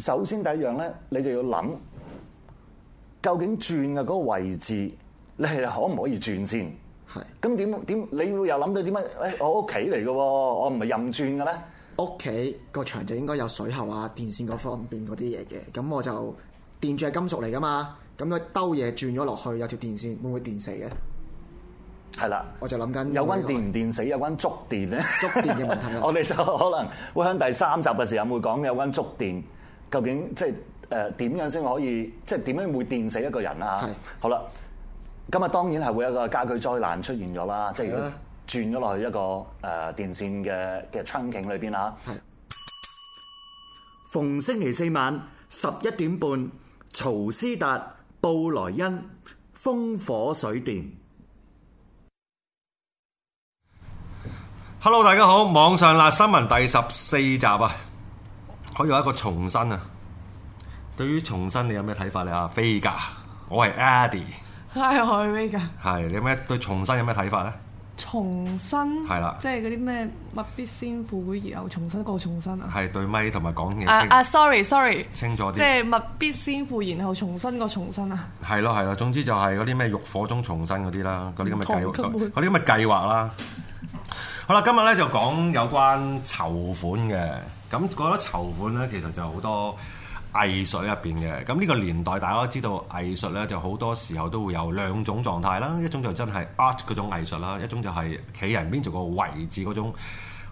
首先第一樣咧，你就要諗，究竟轉嘅嗰個位置，你係可唔可以轉先？係是的。咁點點？你會又諗到點解誒，我屋企嚟嘅喎，我唔係任轉嘅咧。屋企個牆就應該有水喉啊、電線嗰方面嗰啲嘢嘅。咁我就電住係金屬嚟㗎嘛，咁佢兜嘢轉咗落去，有條電線，會唔會電死嘅？係啦的，我就諗緊有關電唔電死，有關觸電咧，觸電嘅問題。 我哋就可能會喺第三集嘅時候會講有關觸電。究竟即係誒點樣先可以，即係點樣會電死一個人啊？是的 好啦，今日當然係會有一個家居災難出現咗啦，是的 即係轉咗落去一個誒、呃、電線嘅嘅窗景裏邊啦。逢星期四晚十一點半，曹斯達、布萊恩，風火水電。Hello，大家好，網上辣新聞第十四集啊。可以有一個重生啊！對於重生你 Vega,，你有咩睇法咧？啊，Vega，我係 Addie 係我係 Vega，係你有咩對重生有咩睇法咧？重生，係啦了，即係嗰啲咩物必先腐，然後重生個重生啊！係對咪同埋講嘢啊 sorry sorry，, sorry. 清楚啲，即係物必先腐，然後重生個重生啊！係咯係咯，總之就係嗰啲咩浴火中重生」嗰啲啦，嗰啲咁嘅計，嗰啲咁嘅計劃啦。劃 好啦，今日咧就講有關籌款嘅。咁覺得籌款咧，其實就好多藝術入邊嘅。咁呢個年代，大家都知道藝術咧，就好多時候都會有兩種狀態啦。一種就真係 art 嗰種藝術啦，一種就係企人邊做個位置嗰種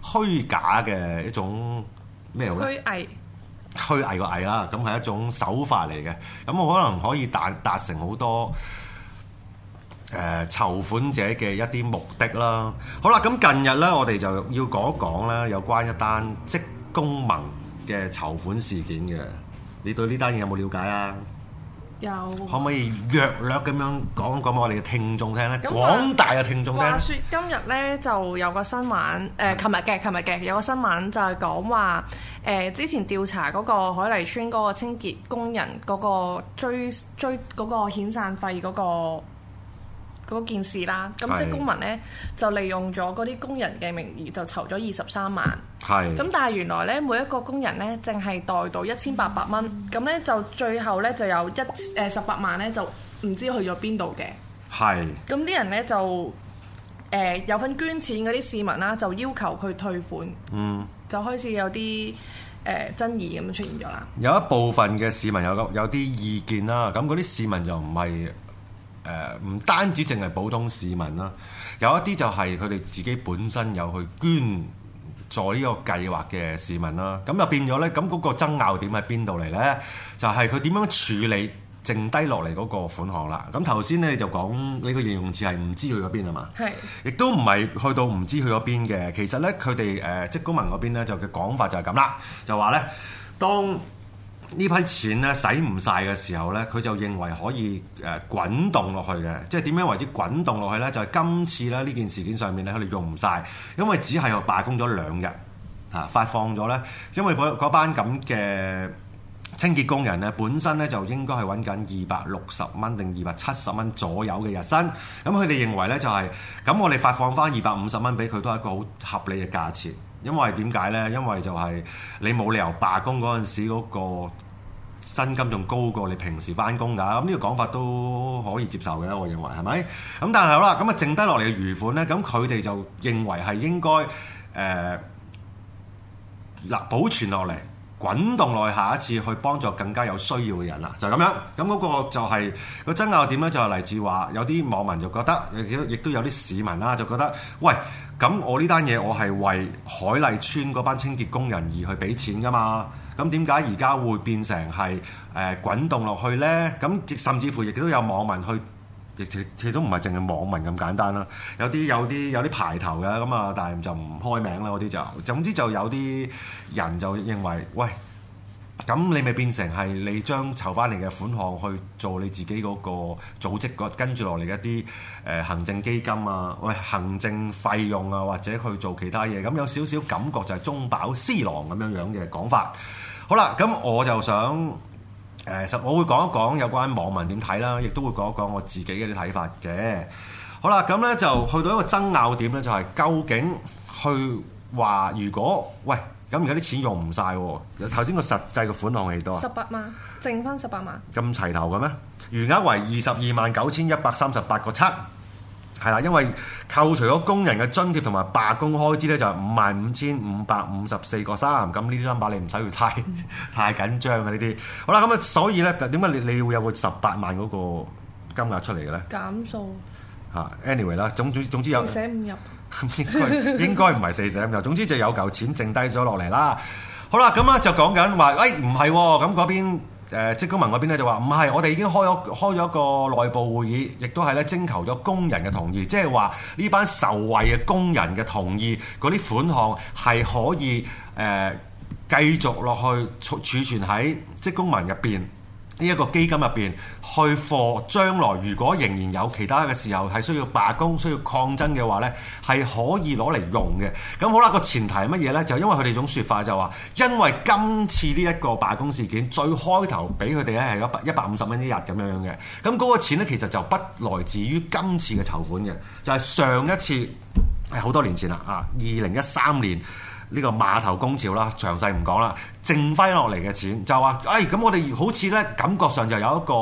虛假嘅一種咩咧？呢虛偽，虛偽個偽啦。咁係一種手法嚟嘅。咁我可能可以達達成好多誒、呃、籌款者嘅一啲目的啦。好啦，咁近日咧，我哋就要講一講啦，有關一單即，東盟嘅籌款事件嘅，你對呢單嘢有冇了解啊？有，可唔可以略略咁樣講講俾我哋嘅聽眾聽咧？嗯、廣大嘅聽眾聽咧。話說今日咧就有個新聞，誒、呃，琴日嘅，琴日嘅有個新聞就係講話，誒、呃，之前調查嗰個海麗村嗰個清潔工人嗰個追追嗰個遣散費嗰、那個。嗰件事啦，咁即係公民呢，是的 就利用咗嗰啲工人嘅名義，就籌咗二十三萬，咁是的 但係原來呢，每一個工人呢，淨係代到一千八百蚊，咁呢，就最後呢，就有一誒十八萬呢，就唔知去咗邊度嘅，係咁啲人呢，就誒、呃、有份捐錢嗰啲市民啦，就要求佢退款，嗯，就開始有啲誒、呃、爭議咁樣出現咗啦。有一部分嘅市民有咁有啲意見啦，咁嗰啲市民就唔係。誒、呃、唔單止淨係普通市民啦，有一啲就係佢哋自己本身有去捐助呢個計劃嘅市民啦。咁又變咗咧，咁嗰個爭拗點喺邊度嚟咧？就係佢點樣處理剩低落嚟嗰個款項啦。咁頭先咧就講呢個形容詞係唔知去咗邊啊嘛，係亦都唔係去到唔知去咗邊嘅。其實咧，佢哋誒職公民嗰邊咧就嘅講法就係咁啦，就話咧當，呢批錢咧使唔晒嘅時候呢，佢就認為可以誒滾動落去嘅，即係點樣為之滾動落去呢？就係今次咧呢件事件上面咧，佢哋用唔晒，因為只係又罷工咗兩日，啊發放咗呢因為嗰班咁嘅清潔工人呢，本身呢就應該係揾緊二百六十蚊定二百七十蚊左右嘅日薪，咁佢哋認為呢就係，咁我哋發放翻二百五十蚊俾佢都係一個好合理嘅價錢。因為點解呢？因為就係你冇理由罷工嗰陣時嗰個薪金仲高過你平時返工㗎，咁呢個講法都可以接受嘅，我認為係咪？咁但係好啦，咁啊剩低落嚟嘅餘款呢？咁佢哋就認為係應該誒嗱、呃、保存落嚟。滾動落去下一次去幫助更加有需要嘅人啦，就係咁樣。咁嗰個就係個爭拗點咧，就係嚟自話有啲網民就覺得亦都有啲市民啦，就覺得喂，咁我呢單嘢我係為海麗村嗰班清潔工人而去俾錢㗎嘛，咁點解而家會變成係誒滾動落去呢？咁甚至乎亦都有網民去。亦都唔係淨係網民咁簡單啦，有啲有啲有啲排頭嘅咁啊，但係就唔開名啦，嗰啲就總之就有啲人就認為，喂，咁你咪變成係你將籌返嚟嘅款項去做你自己嗰個組織跟住落嚟一啲誒、呃、行政基金啊，喂行政費用啊，或者去做其他嘢，咁有少少感覺就係中飽私囊咁樣樣嘅講法。好啦，咁我就想。誒，實我會講一講有關網民點睇啦，亦都會講一講我自己嘅睇法嘅。好啦，咁呢就去到一個爭拗點呢就係、是、究竟去話如果喂咁而家啲錢用唔晒？頭先個實際嘅款項係多十八萬，剩翻十八萬咁齊頭嘅咩？餘額為二十二萬九千一百三十八個七。係啦，因為扣除咗工人嘅津貼同埋罷工開支咧，就係五萬五千五百五十四個三，咁呢啲 number 你唔使去睇，太緊張嘅呢啲。好啦，咁啊，所以咧點解你你會有個十八萬嗰個金額出嚟嘅咧？減數嚇，anyway 啦，總總總之有四捨五入， 應該應該唔係四捨五入，總之就有嚿錢剩低咗落嚟啦。好啦，咁啊就講緊話，哎唔係咁嗰邊。誒職工盟嗰邊咧就話唔係，我哋已經開咗開咗一個內部會議，亦都係咧徵求咗工人嘅同意，即係話呢班受惠嘅工人嘅同意，嗰啲款項係可以誒、呃、繼續落去儲儲存喺職工盟入邊。呢一個基金入邊去放，將來如果仍然有其他嘅時候係需要罷工、需要抗爭嘅話呢，係可以攞嚟用嘅。咁好啦，個前提係乜嘢呢？就因為佢哋種説法就話，因為今次呢一個罷工事件，最開頭俾佢哋咧係一百一百五十蚊一日咁樣樣嘅。咁、那、嗰個錢咧其實就不來自於今次嘅籌款嘅，就係、是、上一次係好多年前啦，啊，二零一三年。呢個碼頭工潮啦，詳細唔講啦。剩翻落嚟嘅錢就話，誒、哎、咁我哋好似呢感覺上就有一個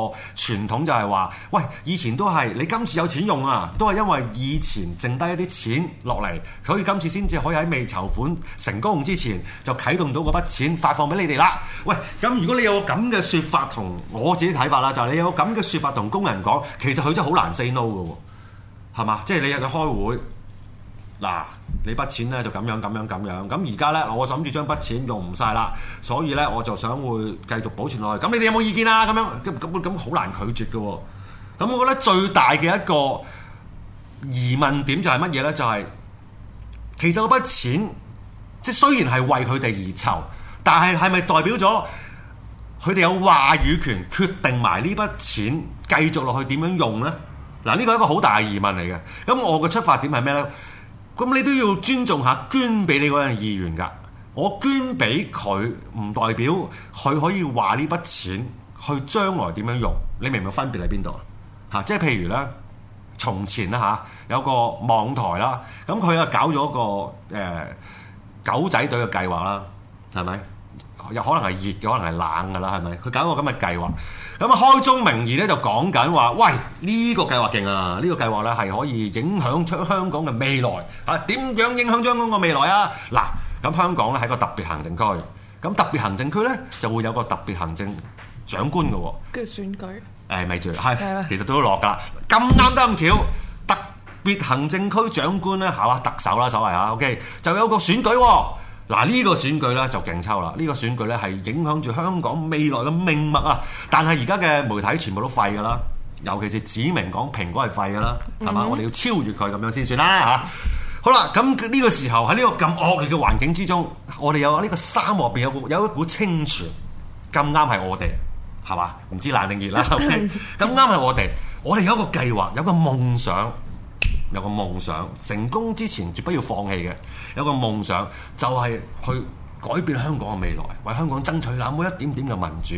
傳統就係話，喂，以前都係你今次有錢用啊，都係因為以前剩低一啲錢落嚟，所以今次先至可以喺未籌款成功用之前就啟動到嗰筆錢發放俾你哋啦。喂，咁如果你有咁嘅説法同我自己睇法啦，就係你有咁嘅説法同工人講，其實佢真係好難 say no 嘅，係嘛？即係你日日開會。嗱，你筆錢咧就咁樣咁樣咁樣，咁而家咧我諗住將筆錢用唔晒啦，所以咧我就想會繼續保存落去。咁你哋有冇意見啊？咁樣根本咁好難拒絕㗎喎。咁我覺得最大嘅一個疑問點就係乜嘢咧？就係、係、其實嗰筆錢即係雖然係為佢哋而籌，但係係咪代表咗佢哋有話語權決定埋呢筆錢繼續落去點樣用咧？嗱，呢個係一個好大嘅疑問嚟嘅。咁我嘅出發點係咩咧？咁你都要尊重下捐俾你嗰個人嘅意願㗎。我捐俾佢，唔代表佢可以話呢筆錢去將來點樣用。你明唔明分別喺邊度啊？嚇，即係譬如咧，從前啦嚇、啊，有個網台啦，咁佢啊搞咗個誒、呃、狗仔隊嘅計劃啦，係咪？又可能係熱嘅，可能係冷嘅啦，係咪？佢搞個咁嘅計劃。咁啊，開宗明義咧就講緊話，喂，呢、這個計劃勁啊！呢、這個計劃咧係可以影響咗香港嘅未、啊、未來啊？點樣影響香港嘅未來啊？嗱，咁香港咧係個特別行政區，咁特別行政區咧就會有個特別行政長官嘅、啊，跟住選舉，誒咪住，係、哎、其實都要落㗎啦。咁啱得咁巧，特別行政區長官咧，係嘛特首啦，所謂啊，OK，就有個選舉喎、啊。嗱呢個選舉咧就勁抽啦！呢、這個選舉咧係影響住香港未來嘅命脈啊！但係而家嘅媒體全部都廢㗎啦，尤其是指明講蘋果係廢㗎啦，係嘛、mm hmm.？我哋要超越佢咁樣先算啦嚇！好啦，咁呢個時候喺呢個咁惡劣嘅環境之中，我哋有呢個沙漠，邊有有一股清泉，咁啱係我哋係嘛？唔知冷定熱啦，係咁啱係我哋，我哋有一個計劃，有個夢想。有個夢想，成功之前絕不要放棄嘅。有個夢想就係、是、去改變香港嘅未來，為香港爭取哪怕一點點嘅民主。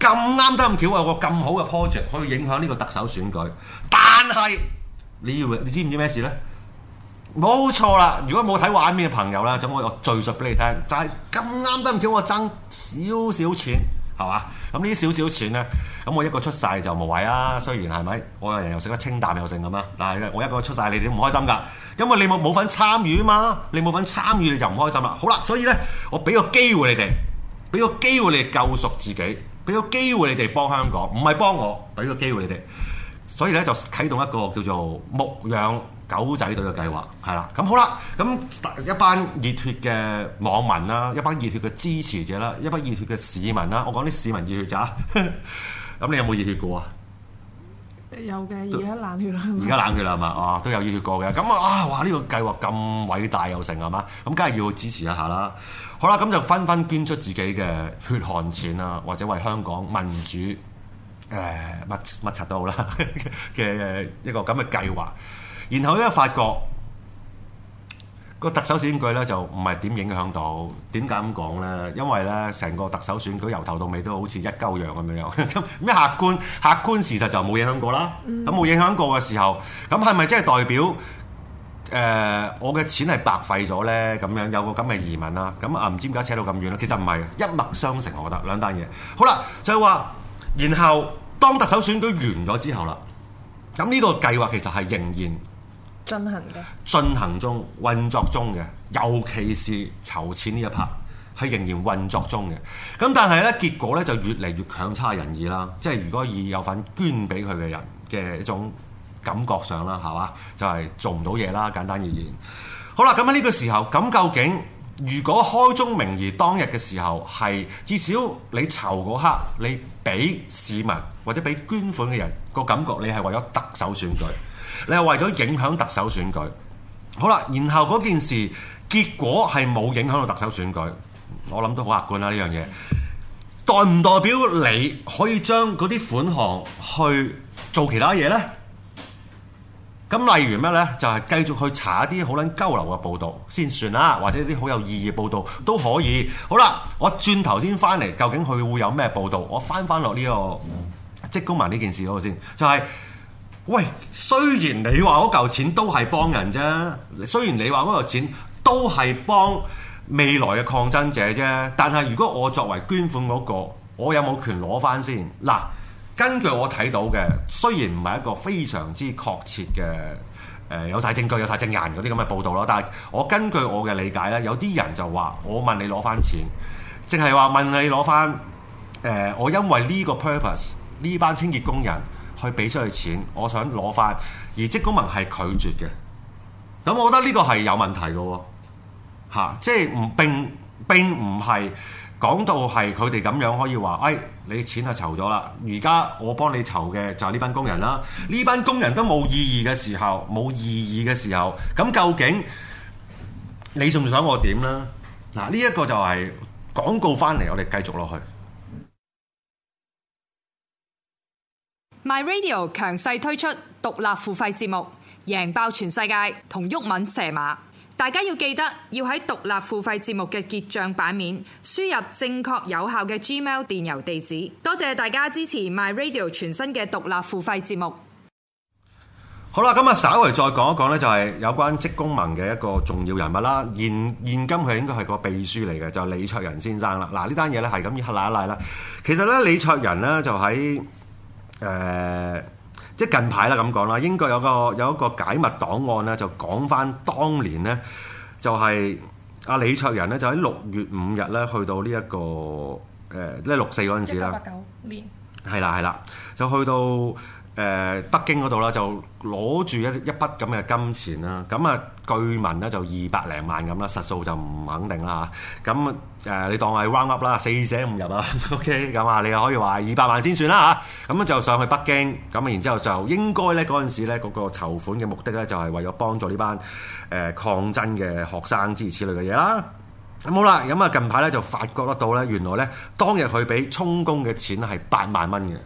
咁啱得咁巧有，有個咁好嘅 project 可以影響呢個特首選舉。但係你要，你知唔知咩事呢？冇錯啦！如果冇睇畫面嘅朋友咧，就我我敘述俾你聽，就係咁啱得咁巧，我爭少少錢。係嘛？咁呢啲少少錢呢，咁、嗯、我一個出晒就無謂啦。雖然係咪？我個人又食得清淡又剩咁啦。但係我一個出晒你哋唔開心㗎。咁我你冇冇份參與啊嘛？你冇份參與，你就唔開心啦。好啦，所以呢，我俾個機會你哋，俾個機會你哋救贖自己，俾個機會你哋幫香港，唔係幫我。俾個機會你哋，所以呢，就啟動一個叫做牧養。狗仔隊嘅計劃係啦，咁好啦，咁一班熱血嘅網民啦，一班熱血嘅支持者啦，一班熱血嘅市民啦，我講啲市民熱血咋？咁你有冇熱血過啊？有嘅，而家都冷血啦。而家冷血啦，係嘛？哦，都有熱血過嘅。咁啊，哇！呢個計劃咁偉大又成係嘛？咁梗係要支持一下啦。好啦，咁就紛紛捐出自己嘅血汗錢啊，或者為香港民主誒乜乜柒都好啦嘅一個咁嘅計劃。然後咧，發覺個特首選舉咧就唔係點影響到？點解咁講咧？因為咧，成個特首選舉由頭到尾都好似一鳩樣咁樣樣，咩客觀客觀事實就冇影響過啦。咁冇、嗯、影響過嘅時候，咁係咪即係代表誒、呃、我嘅錢係白費咗咧？咁樣有個咁嘅疑問啦。咁啊，唔知點解扯到咁遠啦。其實唔係一脈相承，我覺得兩單嘢。好啦，就話、係、然後當特首選舉完咗之後啦，咁呢個計劃其實係仍然。進行嘅進行中運作中嘅，尤其是籌錢呢一拍，係仍然運作中嘅。咁但係呢，結果呢就越嚟越強差人意啦。即係如果以有份捐俾佢嘅人嘅一種感覺上啦，係嘛，就係、係、做唔到嘢啦，簡單而言。好啦，咁喺呢個時候，咁究竟如果開宗明義當日嘅時候，係至少你籌嗰刻，你俾市民或者俾捐款嘅人、嗰個感覺，你係為咗特首選舉。你係為咗影響特首選舉，好啦，然後嗰件事結果係冇影響到特首選舉，我諗都好客觀啦呢樣嘢。代唔代表你可以將嗰啲款項去做其他嘢呢？咁例如咩呢？就係、是、繼續去查一啲好撚交流嘅報導先算啦，或者啲好有意義嘅報導都可以。好啦，我轉頭先翻嚟，究竟佢會有咩報導？我翻翻落呢個職工盟呢件事嗰度先，就係、是。喂，雖然你話嗰嚿錢都係幫人啫，雖然你話嗰嚿錢都係幫未來嘅抗爭者啫，但係如果我作為捐款嗰個，我有冇權攞翻先？嗱，根據我睇到嘅，雖然唔係一個非常之確切嘅，誒、呃、有晒證據、有晒證人嗰啲咁嘅報道咯，但係我根據我嘅理解咧，有啲人就話我問你攞翻錢，淨係話問你攞翻，誒、呃、我因為呢個 purpose，呢班清潔工人。去俾出去錢，我想攞翻，而職工盟係拒絕嘅。咁我覺得呢個係有問題嘅，嚇、啊，即係唔並並唔係講到係佢哋咁樣可以話，哎，你錢就籌咗啦，而家我幫你籌嘅就係呢班工人啦。呢班工人都冇意義嘅時候，冇意義嘅時候，咁究竟你仲想我點咧？嗱、啊，呢、這、一個就係、是、廣告翻嚟，我哋繼續落去。My Radio 強勢推出獨立付費節目，贏爆全世界同毓民射馬。大家要記得要喺獨立付費節目嘅結賬版面輸入正確有效嘅 Gmail 電郵地址。多謝大家支持 My Radio 全新嘅獨立付費節目。好啦，咁啊，稍為再講一講呢就係有關職工盟嘅一個重要人物啦。現現今佢應該係個秘書嚟嘅，就係李卓人先生啦。嗱，呢單嘢咧係咁要乞一賴啦。其實咧，李卓人呢就喺。誒、呃、即係近排啦，咁講啦，英國有個有一個解密檔案咧，就講翻當年咧就係、是、阿李卓仁咧，就喺六月五日咧去到呢、這、一個誒，即係六四嗰陣時啦，八九年係啦係啦，就去到。誒，北京嗰度啦，就攞住一一筆咁嘅金錢啦，咁啊據聞咧就二百零萬咁啦，實數就唔肯定啦嚇。咁誒你當係 round up 啦，四捨五入啦，OK 咁啊，你又可以話二百萬先算啦嚇。咁啊就上去北京，咁然之後就應該咧嗰陣時咧嗰個籌款嘅目的咧就係為咗幫助呢班誒、呃、抗爭嘅學生之類之類嘅嘢啦。咁好啦，咁啊近排咧就發覺得到咧，原來咧當日佢俾充公嘅錢係八萬蚊嘅。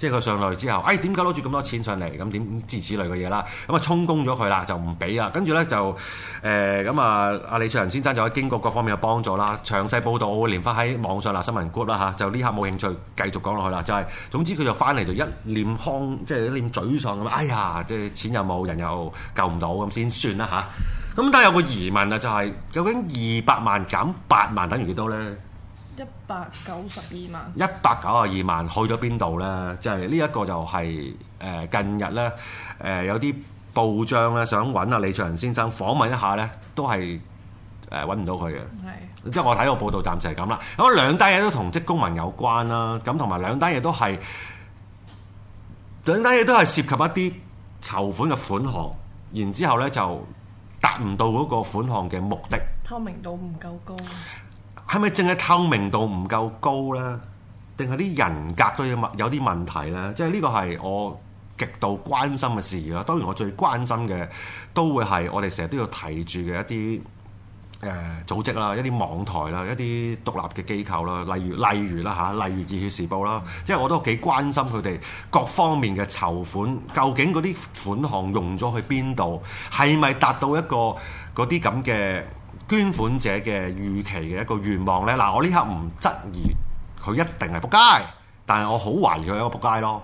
即係佢上來之後，哎點解攞住咁多錢上嚟？咁點之此類嘅嘢啦，咁啊充公咗佢啦，就唔俾啦。跟住咧就誒咁、呃、啊，阿李卓人先生就喺經過各方面嘅幫助啦，詳細報道我連翻喺網上啦、新聞 group 啦吓，就呢刻冇興趣，繼續講落去啦。就係、是、總之佢就翻嚟就一臉康，即、就、係、是、一臉沮喪咁啊！哎呀，即、就、係、是、錢又冇，人又救唔到，咁先算啦吓，咁、啊、但係有個疑問啊，就係、是、究竟二百萬減八萬等於幾多咧？一百九十二萬，一百九十二萬去咗邊度咧？就係呢一個就係、是、誒、呃、近日咧誒、呃、有啲報章咧想揾阿李卓仁李卓人先生訪問一下咧，都係誒揾唔到佢嘅。係是，即係我睇個報道暫時，暫就係咁啦。咁兩單嘢都同職工盟有關啦、啊。咁同埋兩單嘢都係兩單嘢都係涉及一啲籌款嘅款項，然之後咧就達唔到嗰個款項嘅目的。透明度唔夠高。係咪淨係透明度唔夠高呢？定係啲人格都有啲問題呢？即係呢個係我極度關心嘅事啦、啊。當然我最關心嘅都會係我哋成日都要提住嘅一啲誒、呃、組織啦、一啲網台啦、一啲獨立嘅機構啦，例如例如啦嚇，例如、啊、例如熱血時報啦，即係我都幾關心佢哋各方面嘅籌款，究竟嗰啲款項用咗去邊度？係咪達到一個嗰啲咁嘅？捐款者嘅預期嘅一個願望呢，嗱我呢刻唔質疑佢一定係仆街，但係我好懷疑佢係一個仆街咯，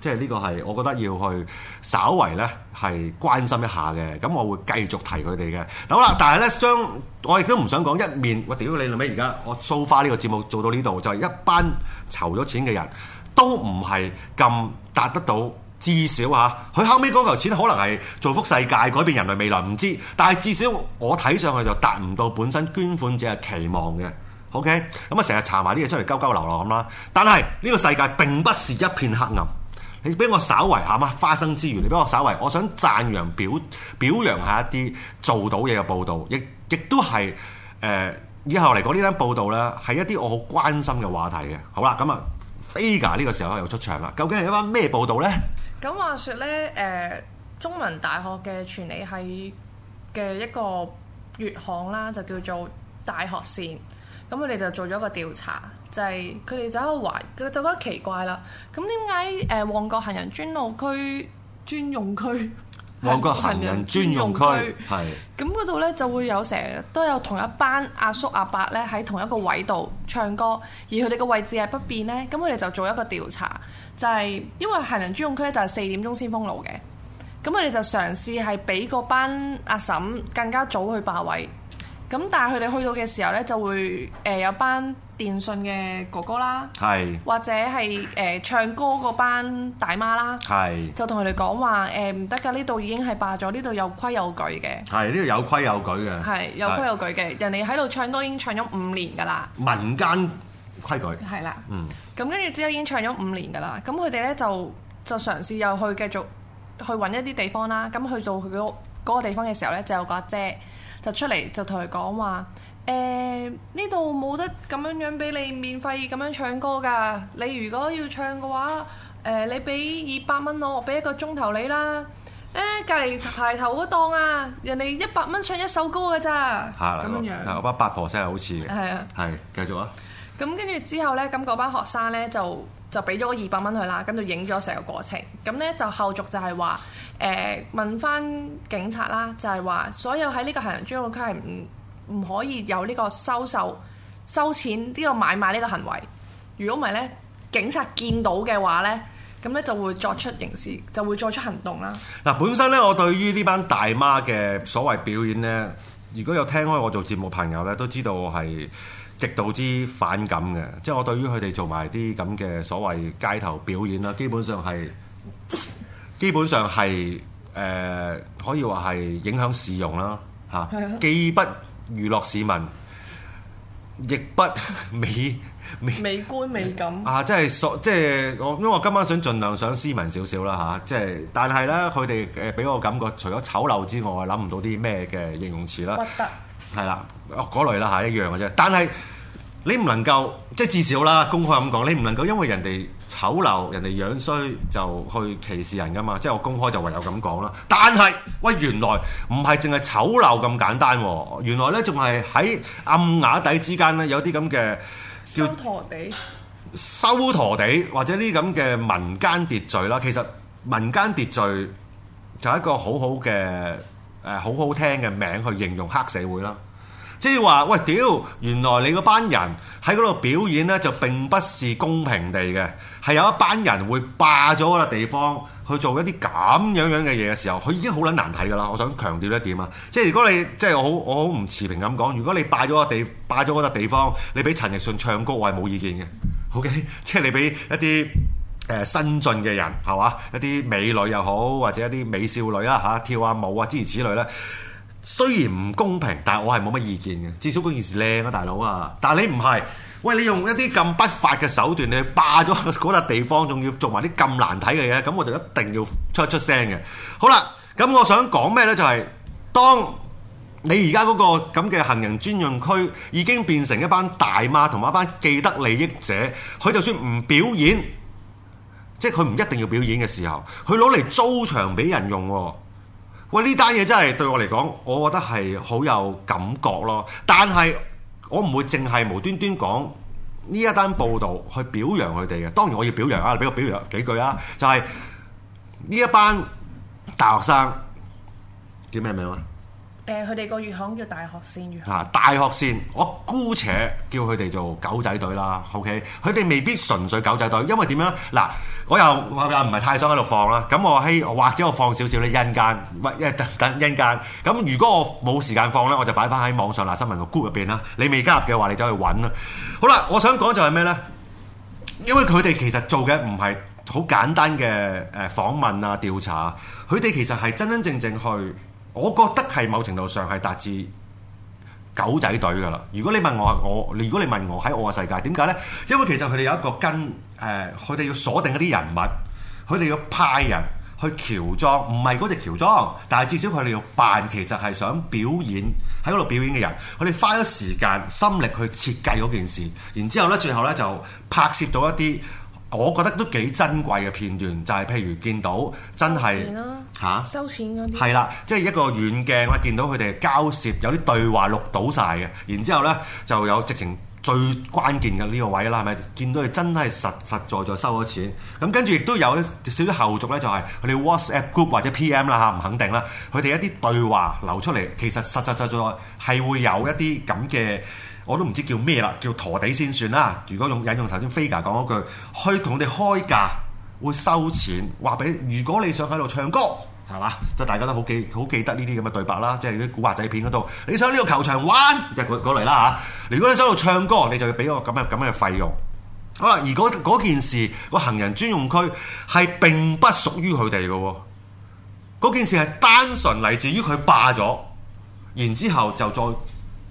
即係呢個係我覺得要去稍為呢係關心一下嘅，咁我會繼續提佢哋嘅。好啦，但係呢，將我亦都唔想講一面，我屌你老味，而家我 so far 呢個節目做到呢度，就係、是、一班籌咗錢嘅人都唔係咁達得到。至少嚇，佢後尾嗰嚿錢可能係造福世界、改變人類未來，唔知。但係至少我睇上去就達唔到本身捐款者嘅期望嘅。OK，咁啊成日查埋啲嘢出嚟，鳩鳩流流咁啦。但係呢、呢個世界並不是一片黑暗。你俾我稍為下啊嘛，花生之餘，你俾我稍為，我想讚揚表表揚一下一啲做到嘢嘅報導，亦亦都係誒、呃、以後嚟講呢單報導咧，係一啲我好關心嘅話題嘅。好啦，咁啊，Vega 呢個時候又出場啦。究竟係一班咩報導咧？咁話說呢，誒、呃、中文大學嘅傳理系嘅一個月行啦，就叫做大學線。咁佢哋就做咗一個調查，就係佢哋就喺度懷，佢就覺得奇怪啦。咁點解誒旺角行人專路區專用區？ 旺角行人專用區，咁嗰度咧就會有成日都有同一班阿叔阿伯咧喺同一個位度唱歌，而佢哋嘅位置係不變咧，咁佢哋就做一個調查，就係、是、因為行人專用區咧就係四點鐘先封路嘅，咁佢哋就嘗試係俾個班阿嬸更加早去霸位。咁但係佢哋去到嘅時候呢，就會誒有班電信嘅哥哥啦，是或者係誒、呃、唱歌嗰班大媽啦，是就同佢哋講話誒唔得㗎，呢、欸、度已經係霸咗，呢度有規有矩嘅。係呢度有規有矩嘅。係有規有矩嘅，人哋喺度唱歌已經唱咗五年㗎啦。民間規矩係啦，嗯。咁跟住之後已經唱咗五年㗎啦。咁佢哋呢，就就嘗試又去繼續去揾一啲地方啦。咁去到佢嗰個地方嘅時候呢，就有個阿姐，姐。就出嚟就同佢講話，誒呢度冇得咁樣樣俾你免費咁樣唱歌噶，你如果要唱嘅話，誒、欸、你俾二百蚊我，我俾一個鐘頭你啦。誒隔離排頭嗰檔啊，人哋一百蚊唱一首歌嘅咋，咁樣樣嗱嗰班八婆聲係好似嘅。係啊，係繼續啊。咁跟住之後咧，咁嗰班學生咧就。就俾咗二百蚊佢啦，跟住影咗成個過程。咁呢，就後續就係話，誒、呃、問翻警察啦，就係、是、話所有喺呢個行人專用區係唔唔可以有呢個收售收錢呢、這個買賣呢個行為。如果唔係呢，警察見到嘅話呢，咁呢就會作出刑事，就會作出行動啦。嗱，本身呢，我對於呢班大媽嘅所謂表演呢，如果有聽開我做節目朋友呢，都知道我係極度之反感嘅，即係我對於佢哋做埋啲咁嘅所謂街頭表演啦，基本上係 基本上係誒、呃，可以話係影響市容啦，嚇、啊，啊、既不娛樂市民，亦不美美，美觀美感啊！即係所即係我，我，因為我今晚想盡量想斯文少少啦嚇，即係但係咧，佢哋誒俾我感覺除咗醜陋之外，我諗唔到啲咩嘅形容詞啦。係啦，嗰類啦，係一樣嘅啫。但係你唔能夠，即係至少啦，公開咁講，你唔能夠因為人哋醜陋、人哋樣衰就去歧視人㗎嘛。即係我公開就唯有咁講啦。但係喂，原來唔係淨係醜陋咁簡單啊，原來呢仲係喺暗瓦底之間呢，有啲咁嘅收陀地、收陀地或者呢啲咁嘅民間秩序啦。其實民間秩序就係一個好好嘅。誒好好聽嘅名去形容黑社會啦，即係話喂屌，原來你嗰班人喺嗰度表演呢，就並不是公平地嘅，係有一班人會霸咗嗰笪地方去做一啲咁樣樣嘅嘢嘅時候，佢已經好撚難睇噶啦。我想強調一點啊，即係如果你即係我好我好唔持平咁講，如果你霸咗個地霸咗嗰笪地方，你俾陳奕迅唱歌，我係冇意見嘅。OK，即係你俾一啲。誒新進嘅人係嘛，一啲美女又好，或者一啲美少女啊，嚇，跳下舞啊諸如此類咧，雖然唔公平，但係我係冇乜意見嘅。至少嗰件事靚啊，大佬啊！但係你唔係，喂你用一啲咁不法嘅手段，你霸咗嗰笪地方，仲要做埋啲咁難睇嘅嘢，咁我就一定要出一出聲嘅。好啦，咁我想講咩咧？就係、是、當你而家嗰個咁嘅行人專用區已經變成一班大媽同埋一班既得利益者，佢就算唔表演。即係佢唔一定要表演嘅時候，佢攞嚟租場俾人用喎。喂，呢單嘢真係對我嚟講，我覺得係好有感覺咯。但係我唔會淨係無端端講呢一單報導去表揚佢哋嘅。當然我要表揚啊，你俾我表揚幾句啊，就係呢一班大學生叫咩名啊？誒，佢哋個月刊叫大學線月刊，啊、大學線，我姑且叫佢哋做狗仔隊啦。OK，佢哋未必純粹狗仔隊，因為點樣？嗱，我又又唔係太想喺度放啦。咁我喺或者我放少少咧，間間或一等等間間。咁如果我冇時間放咧，我就擺翻喺網上辣新聞個 group 入邊啦。你未加入嘅話，你走去揾啦。好啦，我想講就係咩咧？因為佢哋其實做嘅唔係好簡單嘅誒訪問啊調查，佢哋其實係真真正正，正去。我覺得係某程度上係達至狗仔隊噶啦。如果你問我我，如果你問我喺我嘅世界點解呢？因為其實佢哋有一個跟，誒、呃，佢哋要鎖定一啲人物，佢哋要派人去喬裝，唔係嗰隻喬裝，但係至少佢哋要扮，其實係想表演喺嗰度表演嘅人，佢哋花咗時間心力去設計嗰件事，然之後呢，最後呢，就拍攝到一啲。我覺得都幾珍貴嘅片段，就係、是、譬如見到真係嚇收錢嗰、啊、啲，係啦、啊，即係一個遠鏡啦，見到佢哋交涉有啲對話錄到晒嘅，然之後呢，就有直情最關鍵嘅呢個位啦，係咪見到佢真係實實，實實在在收咗錢？咁跟住亦都有少少後續呢，就係佢哋 WhatsApp group 或者 PM 啦嚇，唔肯定啦，佢哋一啲對話流出嚟，其實實實在在係會有一啲咁嘅。我都唔知叫咩啦，叫陀地先算啦。如果用引用頭先 Vega 講嗰句，去同你開價會收錢，話俾如果你想喺度唱歌，係嘛？即係大家都好記好記得呢啲咁嘅對白啦，即係啲古惑仔片嗰度。你想呢個球場玩，就嗰嗰類啦嚇。如果你想度唱歌，你就要俾我咁樣咁樣嘅費用。好啦，而嗰件事，個行人專用區係並不屬於佢哋嘅喎。嗰件事係單純嚟自於佢霸咗，然之後就再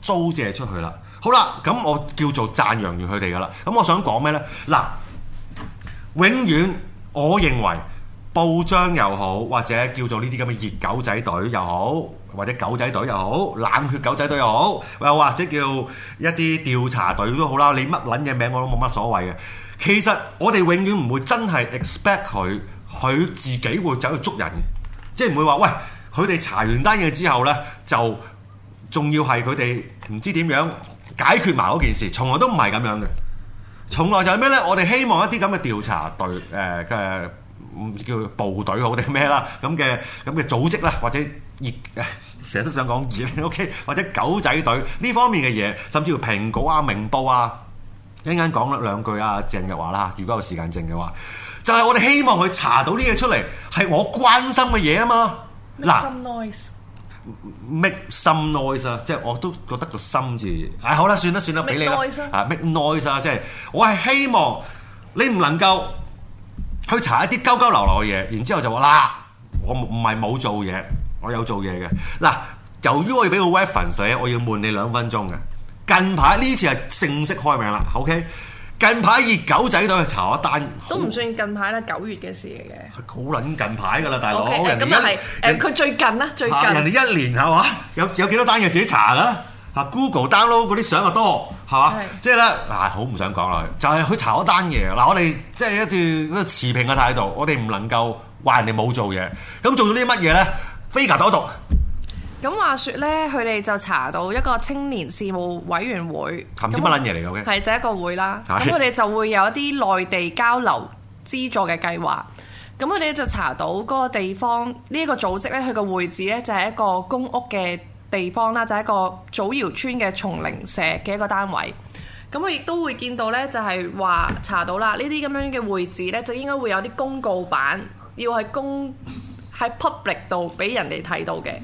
租借出去啦。好啦，咁我叫做讚揚完佢哋噶啦，咁我想講咩呢？嗱，永遠我認為報章又好，或者叫做呢啲咁嘅熱狗仔隊又好，或者狗仔隊又好，冷血狗仔隊又好，又或者叫一啲調查隊都好啦，你乜撚嘢名我都冇乜所謂嘅。其實我哋永遠唔會真係 expect 佢，佢自己會走去捉人嘅，即係唔會話喂，佢哋查完單嘢之後呢，就仲要係佢哋唔知點樣。解決埋嗰件事，從來都唔係咁樣嘅。從來就係咩咧？我哋希望一啲咁嘅調查隊，誒、呃、嘅叫做部隊好定咩啦？咁嘅咁嘅組織啦，或者熱，成、欸、日、啊、都想講熱 OK，或者狗仔隊呢方面嘅嘢，甚至乎蘋果啊、明報啊，一陣講兩句啊，鄭日華啦，如果有時間正嘅話，就係、是、我哋希望佢查到呢嘢出嚟，係我關心嘅嘢啊嘛。Make some noise. make some noise 啊，即係我都覺得個心字，唉、哎，好啦，算啦算啦，俾你啊 make noise 啊，noise, 即係我係希望你唔能夠去查一啲鳩鳩流流嘅嘢，然之後就話嗱、啊，我唔係冇做嘢，我有做嘢嘅嗱。由於我要俾個 reference 你，我要悶你兩分鐘嘅。近排呢次係正式開名啦，OK。近排熱狗仔都去查一單，都唔算近排啦，九月嘅事嚟、啊、嘅。好撚近排噶啦，大佬。我咁又係誒，佢、啊人啊、最近啦，最近人哋一年係嘛有有幾多單嘢自己查啦？嚇 Google download 嗰啲相又多係嘛，是即係咧嗱，好、啊、唔想講啦，就係、是、去查嗰單嘢嗱。我哋即係一段嗰持平嘅態度，我哋唔能夠話人哋冇做嘢咁做咗啲乜嘢咧？figure 有毒。咁話說咧，佢哋就查到一個青年事務委員會咁乜嘢嚟嘅？係就一個會啦。咁佢哋就會有一啲內地交流資助嘅計劃。咁佢哋就查到嗰個地方呢一、呢個組織咧，佢個會址咧就係一個公屋嘅地方啦，就係、係、一個祖堯村嘅松寧社嘅一個單位。咁佢亦都會見到咧，就係話查到啦，呢啲咁樣嘅會址咧，就應該會有啲公告板要喺公喺 public 度俾人哋睇到嘅。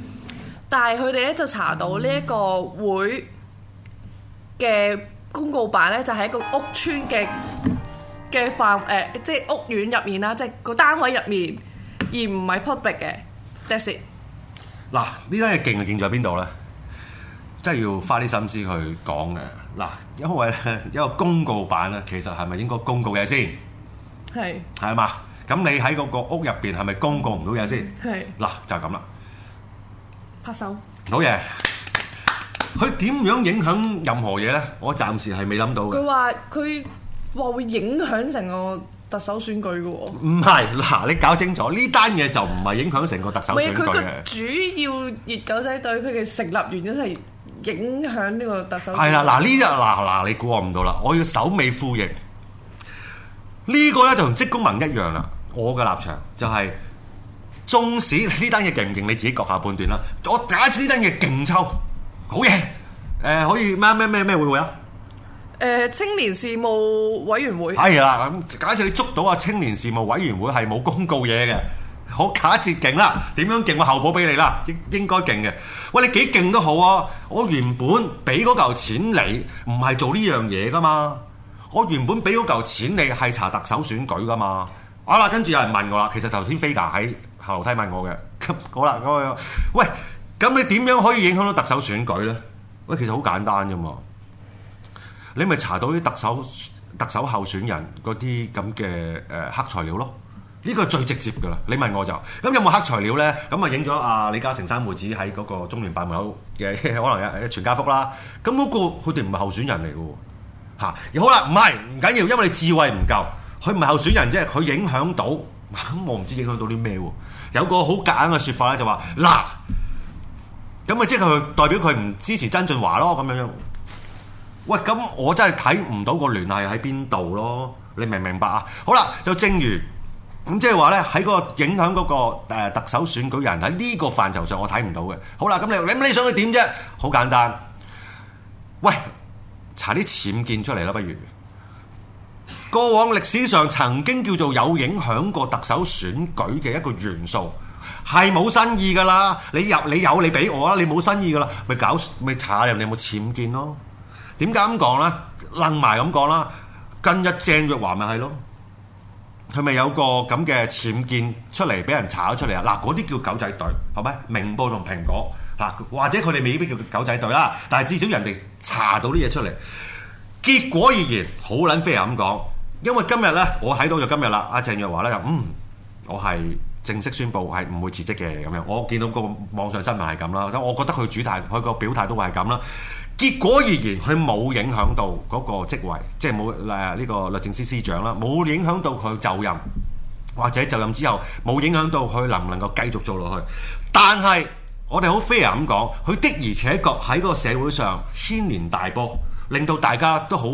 但係佢哋咧就查到呢一個會嘅公告板咧，就喺一個屋邨嘅嘅範誒、呃，即係屋苑入面啦，即係個單位入面，而唔係 public 嘅。得先。嗱，呢單嘢勁啊，勁在邊度咧？真係要花啲心思去講嘅。嗱，因為一個公告板咧，其實係咪應該公告嘢先？係是。係嘛？咁你喺嗰個屋入邊，係咪公告唔到嘢先？係是。嗱，就係咁啦。拍手，老爺，佢點樣影響任何嘢咧？我暫時係未諗到嘅。佢話佢話會影響成個特首選舉嘅。唔係，嗱你搞清楚呢單嘢就唔係影響成個特首選舉嘅。主要熱狗仔隊佢嘅成立原因係影響呢個特首選舉。係啦，嗱呢日嗱嗱你估我唔到啦，我要首尾呼應。呢個咧就同職工盟一樣啦，我嘅立場就係。中史呢單嘢勁唔勁？你自己閣下判斷啦。我假設呢單嘢勁抽，好嘢。誒、呃，可以咩咩咩咩會會啊？誒、呃，青年事務委員會。係啦，咁假設你捉到阿青年事務委員會係冇公告嘢嘅，好假設勁啦。點樣勁？我後補俾你啦。應應該勁嘅。喂，你幾勁都好啊！我原本俾嗰嚿錢你，唔係做呢樣嘢㗎嘛。我原本俾嗰嚿錢你係查特首選舉㗎嘛。好啦，跟住、啊、有人問我啦，其實頭先 Vega 喺後樓梯問我嘅、嗯，好啦，咁啊，喂，咁你點樣可以影響到特首選舉咧？喂，其實好簡單啫嘛，你咪查到啲特首特首候選人嗰啲咁嘅誒黑材料咯，呢、這個最直接噶啦。你問我就，咁有冇黑材料咧？咁啊，影咗阿李嘉誠三父子喺嗰個中聯辦門口嘅 可能嘅全家福啦。咁嗰個佢哋唔係候選人嚟嘅喎，嚇。好啦，唔係唔緊要，因為你智慧唔夠。佢唔係候選人啫，佢影響到，咁我唔知影響到啲咩喎？有個好夾硬嘅説法咧，就話嗱，咁咪即係佢代表佢唔支持曾俊華咯，咁樣樣。喂，咁我真係睇唔到個聯繫喺邊度咯？你明唔明白啊？好啦，就正如咁，即係話咧，喺嗰個影響嗰個特首選舉人喺呢個範疇上，我睇唔到嘅。好啦，咁你你你想佢點啫？好簡單，喂，查啲僭建出嚟啦，不如。過往歷史上曾經叫做有影響過特首選舉嘅一個元素，係冇新意噶啦。你入你有你俾我啦，你冇新意噶啦，咪搞咪查下人哋有冇僭建咯？點解咁講咧？楞埋咁講啦，今日鄭若驊咪係咯，佢咪有個咁嘅僭建出嚟，俾人查咗出嚟啊！嗱，嗰啲叫狗仔隊，係咪？明報同蘋果，嗱，或者佢哋未必叫狗仔隊啦，但係至少人哋查到啲嘢出嚟，結果而言好撚飛啊！咁講。因為今日呢，我睇到就今日啦。阿鄭若驊呢就嗯，我係正式宣布係唔會辭職嘅咁樣。我見到個網上新聞係咁啦，我覺得佢主態，佢個表態都會係咁啦。結果而言，佢冇影響到嗰個職位，即係冇誒呢個律政司司長啦，冇影響到佢就任，或者就任之後冇影響到佢能唔能夠繼續做落去。但係我哋好 fair 咁講，佢的而且確喺嗰個社會上牽連大波，令到大家都好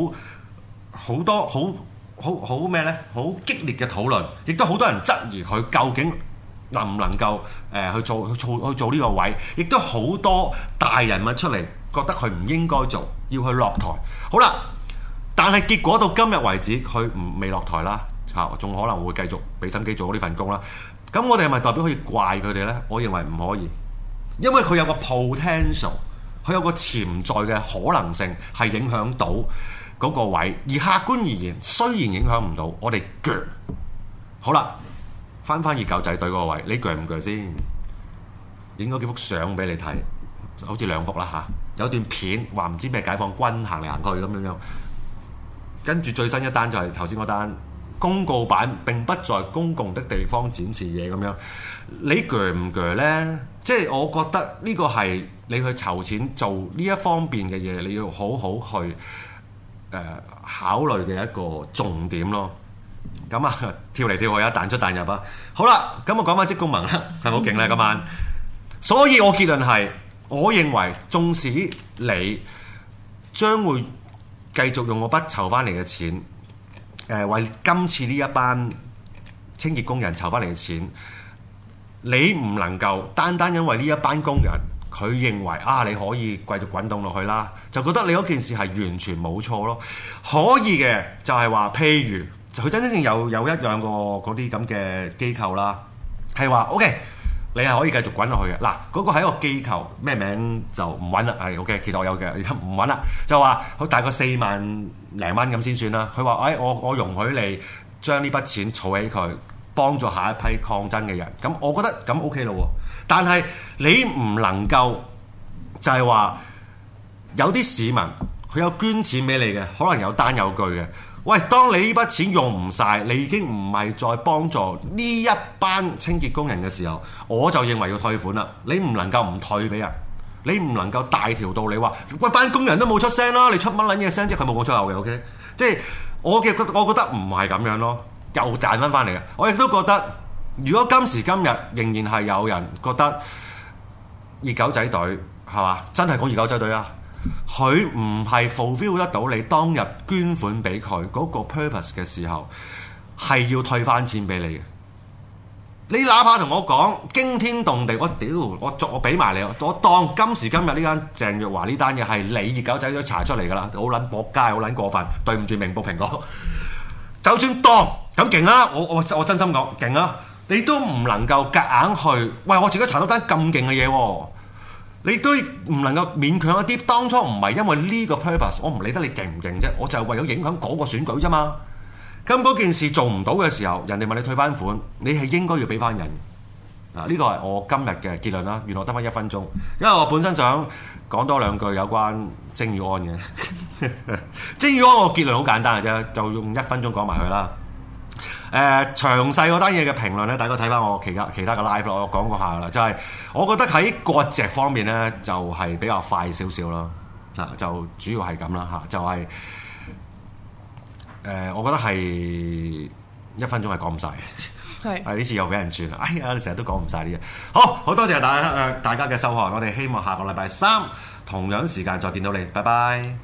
好多好。好好咩咧？好激烈嘅討論，亦都好多人質疑佢究竟能唔能夠誒、呃、去做去做呢個位，亦都好多大人物出嚟覺得佢唔應該做，要去落台。好啦，但係結果到今日為止，佢唔未落台啦，嚇，仲可能會繼續俾心機做呢份工啦。咁我哋係咪代表可以怪佢哋呢？我認為唔可以，因為佢有個 potential，佢有個潛在嘅可能性係影響到。嗰個位，而客觀而言，雖然影響唔到我哋腳。好啦，翻翻二狗仔隊嗰個位，你鋸唔鋸先？影咗幾幅相俾你睇，好似兩幅啦嚇，啊。有段片話唔知咩解放軍行嚟行去咁樣。跟住最新一單就係頭先嗰單公告板並不在公共的地方展示嘢咁樣。你鋸唔鋸呢？即係我覺得呢個係你去籌錢做呢一方面嘅嘢，你要好好去。誒、uh, 考慮嘅一個重點咯，咁 啊跳嚟跳去，啊，彈出彈入啊！ 好啦，咁我講翻職工盟啦，係好勁啦今晚，所以我結論係，我認為縱使你將會繼續用我筆籌翻嚟嘅錢，誒，為今次呢一班清潔工人籌翻嚟嘅錢，你唔能夠單單因為呢一班工人。佢認為啊，你可以繼續滾動落去啦，就覺得你嗰件事係完全冇錯咯，可以嘅就係話，譬如佢真真正有有一兩個嗰啲咁嘅機構啦，係話 O K，你係可以繼續滾落去嘅。嗱、啊，嗰、嗰個係一個機構，咩名就唔揾啦。係 O K，其實我有嘅，唔揾啦。就話好大概四萬零蚊咁先算啦。佢話誒，我我容許你將呢筆錢儲喺佢。幫助下一批抗爭嘅人，咁我覺得咁 OK 咯。但係你唔能夠就係話有啲市民佢有捐錢俾你嘅，可能有單有據嘅。喂，當你呢筆錢用唔晒，你已經唔係再幫助呢一班清潔工人嘅時候，我就認為要退款啦。你唔能夠唔退俾人，你唔能夠大條道理話，喂班工人都冇出聲啦、啊，你出乜撚嘢聲啫、啊，佢冇冇出頭嘅，OK 即。即係我嘅，我覺得唔係咁樣咯。又賺翻翻嚟啊！我亦都覺得，如果今時今日仍然係有人覺得熱狗仔隊係嘛，真係講熱狗仔隊啊，佢唔係 fulfill 得到你當日捐款俾佢嗰個 purpose 嘅時候，係要退翻錢俾你嘅。你哪怕同我講驚天動地，我屌我作我俾埋你，我當今時今日呢間鄭若驊呢單嘢係你熱狗仔都查出嚟噶啦，好撚駁街，好撚過分，對唔住明報蘋果。就算當咁勁啦！我我我真心講勁啦，你都唔能夠夾硬去喂！我自己查到單咁勁嘅嘢喎，你都唔能夠勉強一啲。當初唔係因為呢個 purpose，我唔理得你勁唔勁啫，我就係為咗影響嗰個選舉啫嘛。咁嗰件事做唔到嘅時候，人哋問你退翻款，你係應該要俾翻人。嗱，呢個係我今日嘅結論啦。原來得翻一分鐘，因為我本身想講多兩句有關正宇安嘅。 正宇安個結論好簡單嘅啫，就用一分鐘講埋佢啦。誒、嗯，詳細嗰單嘢嘅評論咧，大家睇翻我其他其他嘅 live 我講過下啦。就係、是、我覺得喺國籍方面咧，就係、是、比較快少少啦。嗱，就主要係咁啦嚇，就係、是、誒、呃，我覺得係一分鐘係講唔晒。係，啊呢次又俾人轉啦！哎呀，你成日都講唔晒啲嘢。好，好多謝大家，誒、呃、大家嘅收看。我哋希望下個禮拜三同樣時間再見到你，拜拜。